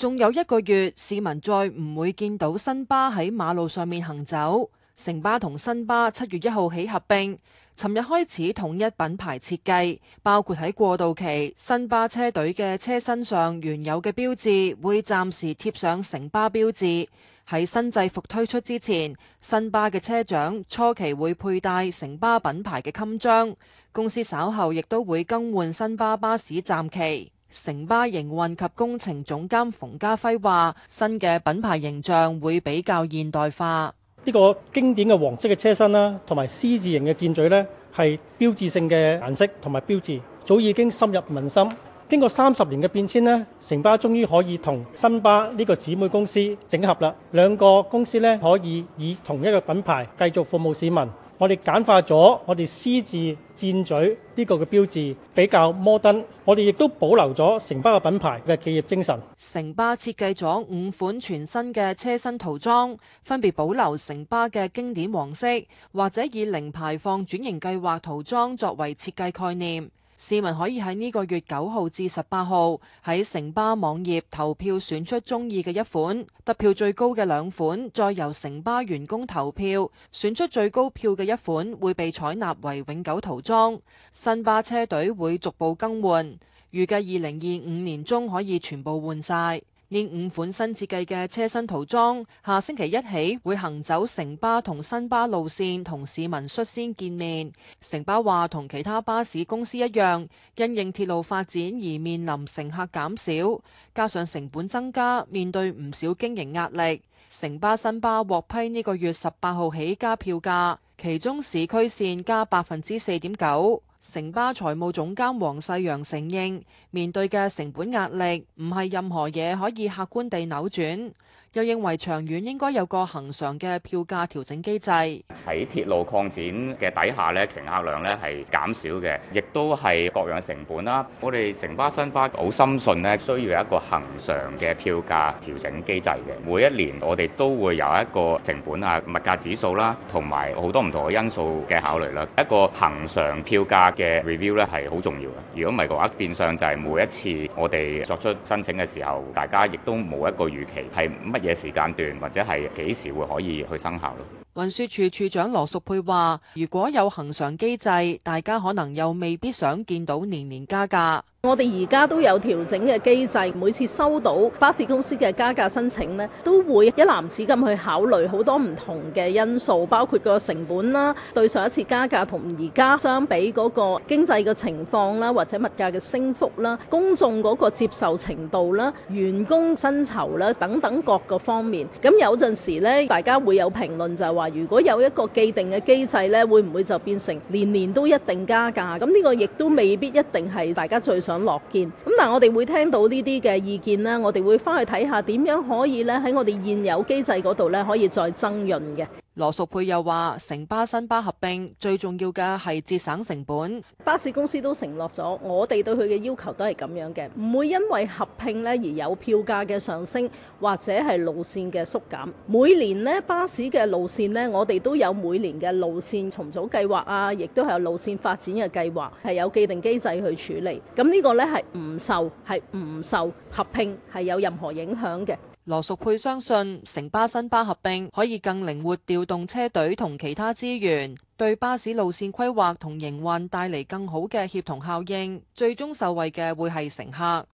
仲有一個月，市民再唔會見到新巴喺馬路上面行走。城巴同新巴七月一號起合併，尋日開始統一品牌設計，包括喺過渡期，新巴車隊嘅車身上原有嘅標誌會暫時貼上城巴標誌。喺新制服推出之前，新巴嘅車長初期會佩戴城巴品牌嘅襟章。公司稍後亦都會更換新巴巴士站旗。城巴營運及工程總監馮家輝話：新嘅品牌形象會比較現代化。呢個經典嘅黃色嘅車身啦，同埋 C 字形嘅箭嘴呢，係標誌性嘅顏色同埋標誌，早已經深入民心。經過三十年嘅變遷呢，城巴終於可以同新巴呢個姊妹公司整合啦，兩個公司呢，可以以同一個品牌繼續服務市民。我哋簡化咗我哋 C 字箭嘴呢個嘅標誌，比較摩登，我哋亦都保留咗城巴嘅品牌嘅企業精神。城巴設計咗五款全新嘅車身塗裝，分別保留城巴嘅經典黃色，或者以零排放轉型計劃塗裝作為設計概念。市民可以喺呢個月九號至十八號喺城巴網頁投票選出中意嘅一款，得票最高嘅兩款，再由城巴員工投票選出最高票嘅一款，會被採納為永久塗裝。新巴車隊會逐步更換，預計二零二五年中可以全部換晒。呢五款新設計嘅車身塗裝，下星期一起會行走城巴同新巴路線，同市民率先見面。城巴話同其他巴士公司一樣，因應鐵路發展而面臨乘客減少，加上成本增加，面對唔少經營壓力。城巴新巴獲批呢個月十八號起加票價，其中市區線加百分之四點九。城巴財務總監黃世陽承認，面對嘅成本壓力唔係任何嘢可以客觀地扭轉。又認為長遠應該有個恒常嘅票價調整機制。喺鐵路擴展嘅底下咧，乘客量咧係減少嘅，亦都係各樣成本啦。我哋城巴新巴好深信咧，需要一個恒常嘅票價調整機制嘅。每一年我哋都會有一個成本啊、物價指數啦，同埋好多唔同嘅因素嘅考慮啦。一個恒常票價嘅 review 咧係好重要嘅。如果唔係嘅話，變相就係每一次我哋作出申請嘅時候，大家亦都冇一個預期係乜。嘅時間段，或者係幾時會可以去生效咯？運輸署署長羅淑佩話，如果有恆常機制，大家可能又未必想見到年年加價。我哋而家都有調整嘅機制，每次收到巴士公司嘅加價申請呢，都會一籃子咁去考慮好多唔同嘅因素，包括個成本啦，對上一次加價同而家相比嗰個經濟嘅情況啦，或者物價嘅升幅啦，公眾嗰個接受程度啦，員工薪酬啦等等各個方面。咁有陣時呢，大家會有評論就係話。如果有一個既定嘅機制呢，會唔會就變成年年都一定加價？咁、這、呢個亦都未必一定係大家最想樂見。咁但係我哋會聽到呢啲嘅意見呢，我哋會翻去睇下點樣可以呢，喺我哋現有機制嗰度呢，可以再增潤嘅。羅淑佩又話：城巴新巴合併最重要嘅係節省成本。巴士公司都承諾咗，我哋對佢嘅要求都係咁樣嘅，唔會因為合併呢而有票價嘅上升或者係路線嘅縮減。每年呢巴士嘅路線呢，我哋都有每年嘅路線重組計劃啊，亦都係有路線發展嘅計劃，係有既定機制去處理。咁呢個呢係唔受，係唔受合併係有任何影響嘅。羅淑佩相信，城巴新巴合併可以更靈活調動車隊同其他資源，對巴士路線規劃同營運帶嚟更好嘅協同效應，最終受惠嘅會係乘客。